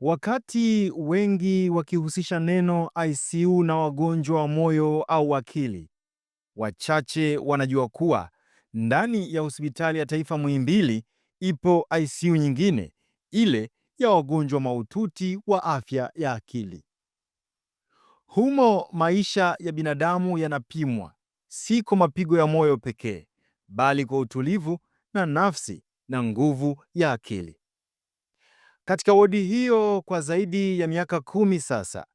Wakati wengi wakihusisha neno ICU na wagonjwa wa moyo au akili, wachache wanajua kuwa ndani ya Hospitali ya Taifa Muhimbili ipo ICU nyingine, ile ya wagonjwa mahututi wa afya ya akili. Humo maisha ya binadamu yanapimwa, si kwa mapigo ya moyo pekee, bali kwa utulivu na nafsi na nguvu ya akili. Katika wodi hiyo kwa zaidi ya miaka kumi sasa,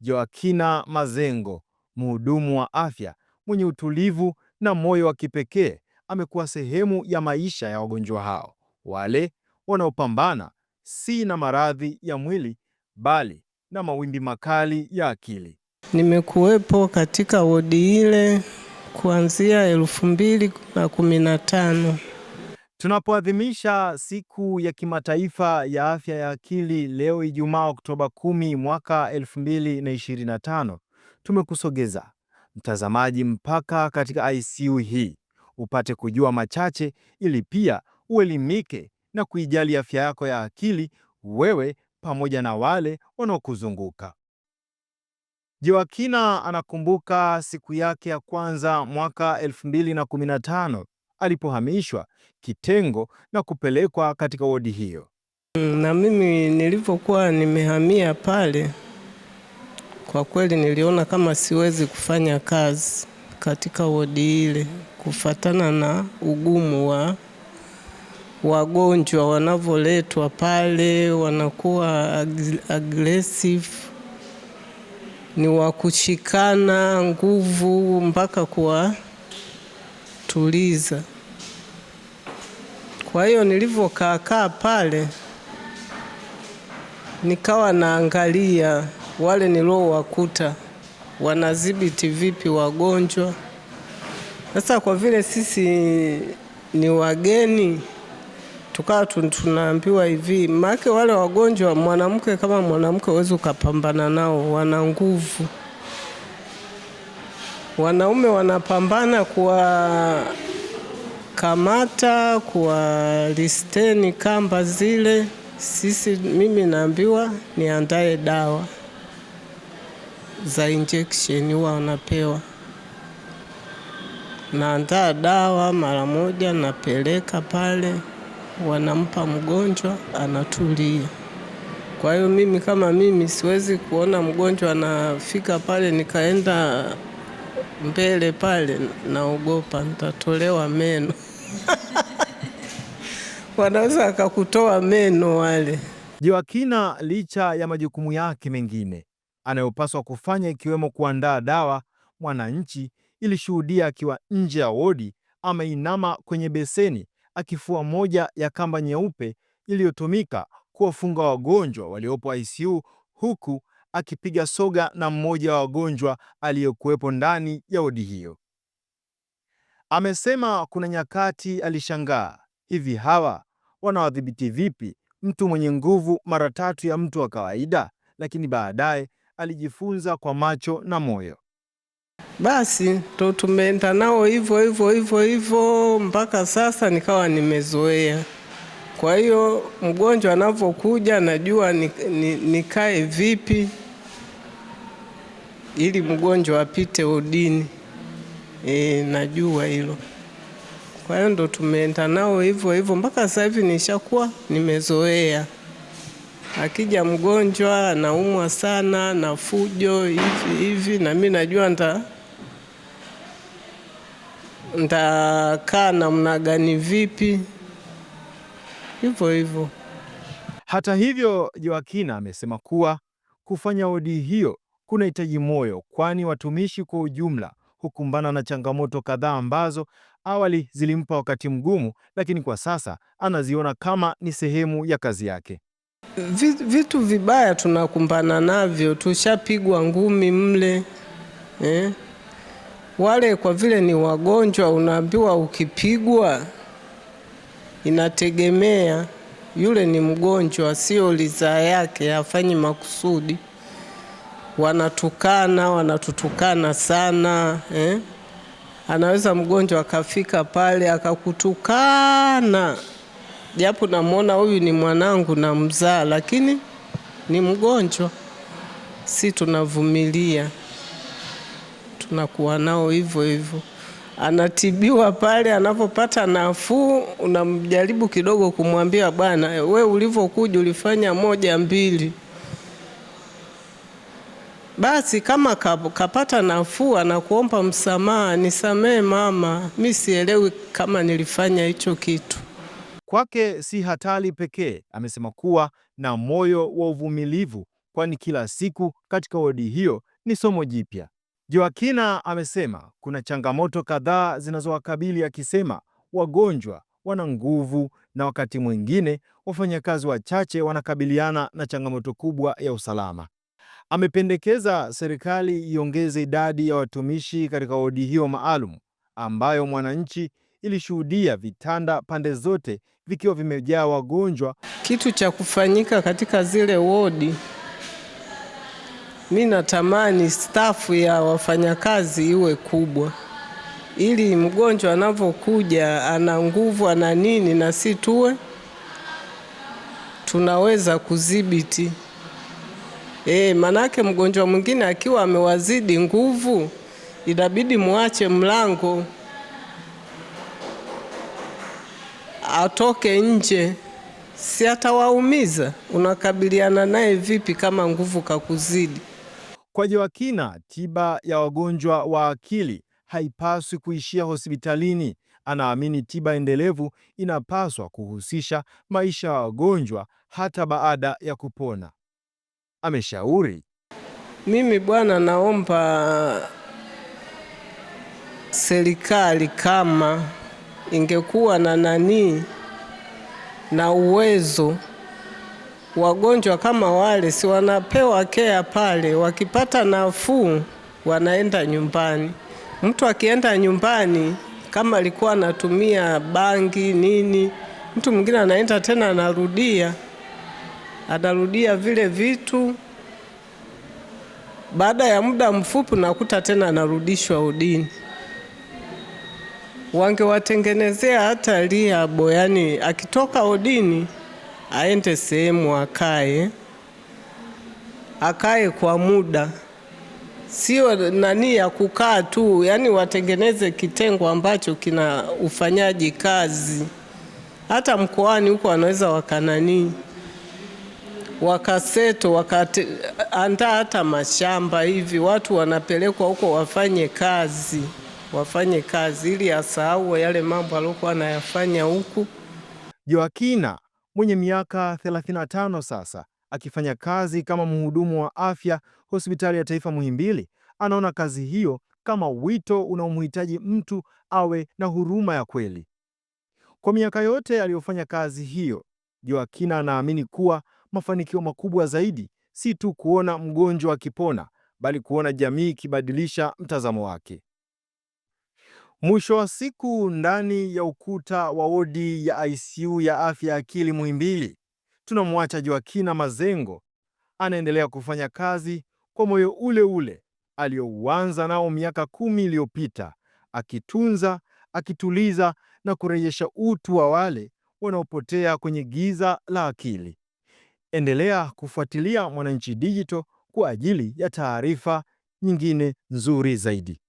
Joakhina Mazengo, mhudumu wa afya mwenye utulivu na moyo wa kipekee, amekuwa sehemu ya maisha ya wagonjwa hao, wale wanaopambana si na maradhi ya mwili bali na mawimbi makali ya akili. Nimekuwepo katika wodi ile kuanzia elfu mbili na kumi na tano. Tunapoadhimisha siku ya kimataifa ya afya ya akili leo Ijumaa Oktoba 10 mwaka 2025, tumekusogeza mtazamaji mpaka katika ICU hii upate kujua machache ili pia uelimike na kuijali afya yako ya akili wewe pamoja na wale wanaokuzunguka. Joakina anakumbuka siku yake ya kwanza mwaka 2015 alipohamishwa kitengo na kupelekwa katika wodi hiyo. Na mimi nilipokuwa nimehamia pale, kwa kweli niliona kama siwezi kufanya kazi katika wodi ile kufatana na ugumu wa wagonjwa wanavyoletwa pale, wanakuwa ag aggressive, ni wakushikana nguvu mpaka kuwatuliza. Kwa hiyo nilivyokaakaa pale nikawa naangalia wale niliowakuta wanadhibiti vipi wagonjwa. Sasa kwa vile sisi ni wageni, tukawa tunaambiwa hivi, maake wale wagonjwa, mwanamke kama mwanamke huwezi ukapambana nao, wana nguvu. Wanaume wanapambana kwa kuwakamata, kuwalisteni kamba zile, sisi mimi naambiwa niandae dawa za injection huwa wanapewa. Naandaa dawa mara moja, napeleka pale, wanampa mgonjwa, anatulia. Kwa hiyo mimi kama mimi siwezi kuona mgonjwa anafika pale nikaenda mbele pale, naogopa nitatolewa meno. wanaweza wakakutoa meno wale. Jiwakina, licha ya majukumu yake mengine anayopaswa kufanya ikiwemo kuandaa dawa, Mwananchi ilishuhudia akiwa nje ya wodi ameinama kwenye beseni akifua moja ya kamba nyeupe iliyotumika kuwafunga wagonjwa waliopo ICU huku akipiga soga na mmoja wa wagonjwa aliyokuwepo ndani ya wodi hiyo. Amesema kuna nyakati alishangaa, hivi hawa wanawadhibiti vipi mtu mwenye nguvu mara tatu ya mtu wa kawaida? Lakini baadaye alijifunza kwa macho na moyo. Basi ndo tumeenda nao hivyo hivyo hivyo hivyo mpaka sasa nikawa nimezoea. Kwa hiyo mgonjwa anavyokuja najua nikae vipi ili mgonjwa apite udini. E, najua hilo. Kwa hiyo ndo tumeenda nao hivyo hivyo mpaka sasa hivi nishakuwa nimezoea. Akija mgonjwa anaumwa sana na fujo hivi hivi, na mimi najua nta ntakaa namna gani, vipi, hivyo hivyo. Hata hivyo, joakina amesema kuwa kufanya wodi hiyo kunahitaji moyo, kwani watumishi kwa ujumla hukumbana na changamoto kadhaa ambazo awali zilimpa wakati mgumu, lakini kwa sasa anaziona kama ni sehemu ya kazi yake. Vitu vibaya tunakumbana navyo, tushapigwa ngumi mle eh? Wale kwa vile ni wagonjwa, unaambiwa ukipigwa, inategemea yule ni mgonjwa, sio ridhaa yake, hafanyi makusudi wanatukana, wanatutukana sana eh? Anaweza mgonjwa akafika pale akakutukana, japo namwona huyu ni mwanangu na mzaa, lakini ni mgonjwa, si tunavumilia, tunakuwa nao hivyo hivyo. Anatibiwa pale, anapopata nafuu, unamjaribu kidogo kumwambia bwana, we ulivyokuja ulifanya moja mbili basi kama kapata nafuu kuomba msamaha, nisamee mama, mi sielewi kama nilifanya hicho kitu. Kwake si hatari pekee, amesema kuwa na moyo wa uvumilivu, kwani kila siku katika wodi hiyo ni somo jipya. Joakina amesema kuna changamoto kadhaa zinazowakabili akisema wagonjwa wana nguvu na wakati mwingine wafanyakazi wachache wanakabiliana na changamoto kubwa ya usalama amependekeza serikali iongeze idadi ya watumishi katika wodi hiyo maalum ambayo Mwananchi ilishuhudia vitanda pande zote vikiwa vimejaa wagonjwa. Kitu cha kufanyika katika zile wodi, mi natamani stafu ya wafanyakazi iwe kubwa, ili mgonjwa anavyokuja ana nguvu ana nini, na si tuwe tunaweza kudhibiti. E, manake mgonjwa mwingine akiwa amewazidi nguvu inabidi muache mlango atoke nje, si atawaumiza? Unakabiliana naye vipi kama nguvu kakuzidi? Kwa Joakina, tiba ya wagonjwa wa akili haipaswi kuishia hospitalini. Anaamini tiba endelevu inapaswa kuhusisha maisha ya wagonjwa hata baada ya kupona ameshauri. Mimi bwana, naomba serikali kama ingekuwa na nanii na uwezo, wagonjwa kama wale si wanapewa kea pale, wakipata nafuu wanaenda nyumbani. Mtu akienda nyumbani kama alikuwa anatumia bangi nini, mtu mwingine anaenda tena anarudia anarudia vile vitu. Baada ya muda mfupi nakuta tena anarudishwa udini. Wangewatengenezea hata liabo, yani akitoka udini aende sehemu akae, akae kwa muda, sio nani ya kukaa tu, yani watengeneze kitengo ambacho kina ufanyaji kazi. Hata mkoani huko wanaweza wakananii wakaseto wakaandaa hata mashamba hivi, watu wanapelekwa huko wafanye kazi, wafanye kazi ili asahau yale mambo aliokuwa anayafanya huku. Joakina mwenye miaka 35 sasa akifanya kazi kama mhudumu wa afya hospitali ya taifa Muhimbili, anaona kazi hiyo kama wito unaomhitaji mtu awe na huruma ya kweli. Kwa miaka yote aliyofanya kazi hiyo, Joakina anaamini kuwa mafanikio makubwa zaidi si tu kuona mgonjwa akipona, bali kuona jamii ikibadilisha mtazamo wake. Mwisho wa siku, ndani ya ukuta wa wodi ya ICU ya afya ya akili Muhimbili, tunamwacha Joakhina Mazengo anaendelea kufanya kazi kwa moyo ule ule aliyouanza nao miaka kumi iliyopita, akitunza, akituliza na kurejesha utu wa wale wanaopotea kwenye giza la akili endelea kufuatilia Mwananchi Digital kwa ajili ya taarifa nyingine nzuri zaidi.